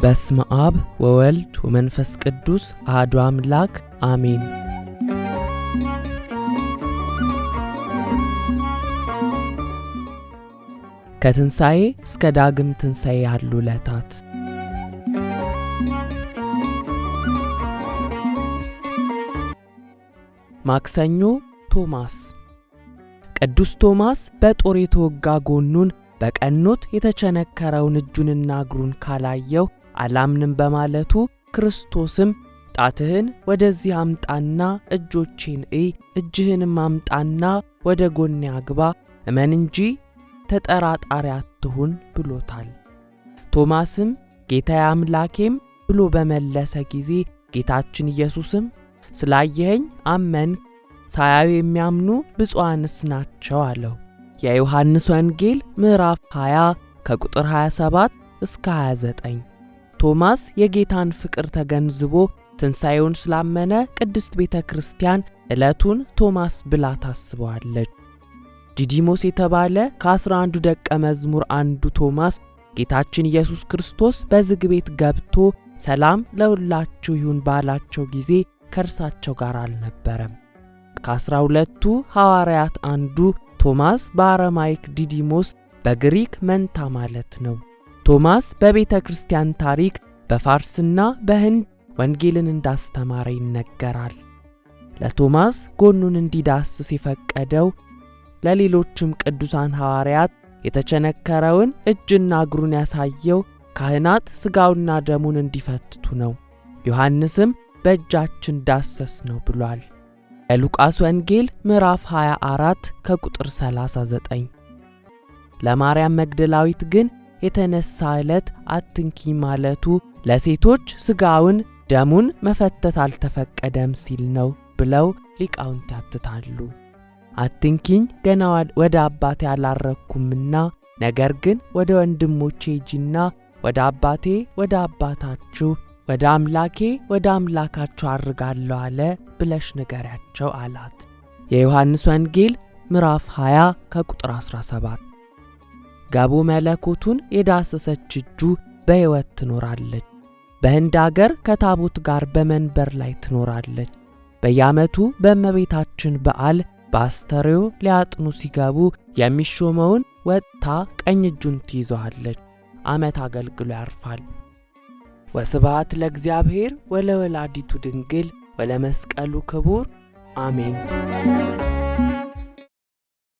በስመ አብ ወወልድ ወመንፈስ ቅዱስ አሐዱ አምላክ አሜን። ከትንሣኤ እስከ ዳግም ትንሣኤ ያሉ ዕለታት ማክሰኞ ቶማስ ቅዱስ ቶማስ በጦር የተወጋ ጎኑን በቀኖት የተቸነከረውን እጁንና እግሩን ካላየው አላምንም በማለቱ ክርስቶስም ጣትህን ወደዚህ አምጣና እጆቼን እይ፣ እጅህንም አምጣና ወደ ጎኔ አግባ፣ እመን እንጂ ተጠራጣሪ አትሁን ብሎታል። ቶማስም ጌታዬ አምላኬም ብሎ በመለሰ ጊዜ ጌታችን ኢየሱስም ስላየኸኝ አመን፣ ሳያዩ የሚያምኑ ብፁዓንስ ናቸው አለው። የዮሐንስ ወንጌል ምዕራፍ 20 ከቁጥር 27 እስከ 29 ቶማስ የጌታን ፍቅር ተገንዝቦ ትንሣኤውን ስላመነ ቅድስት ቤተ ክርስቲያን ዕለቱን ቶማስ ብላ ታስበዋለች። ዲዲሞስ የተባለ ከአስራ አንዱ ደቀ መዝሙር አንዱ ቶማስ ጌታችን ኢየሱስ ክርስቶስ በዝግ ቤት ገብቶ ሰላም ለሁላችሁ ይሁን ባላቸው ጊዜ ከእርሳቸው ጋር አልነበረም። ከአስራ ሁለቱ ሐዋርያት አንዱ ቶማስ በአረማይክ ዲዲሞስ በግሪክ መንታ ማለት ነው። ቶማስ በቤተ ክርስቲያን ታሪክ በፋርስና በህንድ ወንጌልን እንዳስተማረ ይነገራል። ለቶማስ ጎኑን እንዲዳስስ የፈቀደው ለሌሎችም ቅዱሳን ሐዋርያት የተቸነከረውን እጅና እግሩን ያሳየው ካህናት ሥጋውና ደሙን እንዲፈትቱ ነው። ዮሐንስም በእጃችን ዳሰስ ነው ብሏል። የሉቃስ ወንጌል ምዕራፍ 24 ከቁጥር 39። ለማርያም መግደላዊት ግን የተነሳ ዕለት አትንኪ ማለቱ ለሴቶች ስጋውን ደሙን መፈተት አልተፈቀደም ሲል ነው ብለው ሊቃውንት ያትታሉ። አትንኪኝ ገና ወደ አባቴ አላረግኩምና፣ ነገር ግን ወደ ወንድሞቼ ሂጂና ወደ አባቴ ወደ አባታችሁ ወደ አምላኬ ወደ አምላካችሁ አርጋለሁ አለ ብለሽ ንገሪያቸው አላት። የዮሐንስ ወንጌል ምዕራፍ 20 ከቁጥር 17 ገቡ መለኮቱን የዳሰሰች እጁ በሕይወት ትኖራለች። በህንድ አገር ከታቦት ጋር በመንበር ላይ ትኖራለች። በየዓመቱ በእመቤታችን በዓል በአስተርእዮ ሊያጥኑ ሲገቡ የሚሾመውን ወጥታ ቀኝ እጁን ትይዘዋለች። ዓመት አገልግሎ ያርፋል። ወስብሐት ለእግዚአብሔር ወለወላዲቱ ድንግል ወለመስቀሉ ክቡር አሜን።